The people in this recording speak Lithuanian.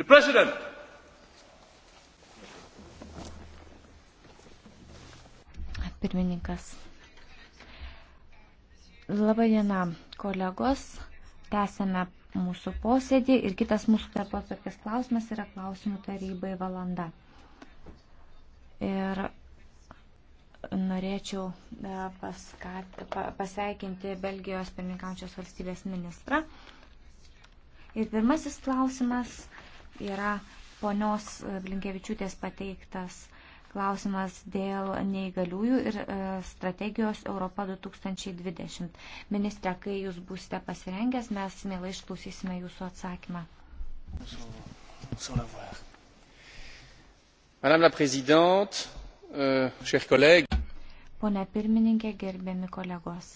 The President. Pirmininkas. Labai diena, kolegos. Tęsėme mūsų posėdį ir kitas mūsų darbotvarkės klausimas yra klausimų tarybai valanda. Ir norėčiau e, paskat, pasveikinti Belgijos pirmininkančios valstybės ministrą. Ir pirmasis klausimas yra ponios Blinkevičiūtės pateiktas klausimas dėl neįgaliųjų ir e, strategijos Europa 2020. Ministre, kai jūs būsite pasirengęs, mes mielai išklausysime jūsų atsakymą. Madame la Présidente, euh, chers collègues. Pone pirmininkė, gerbiami kolegos.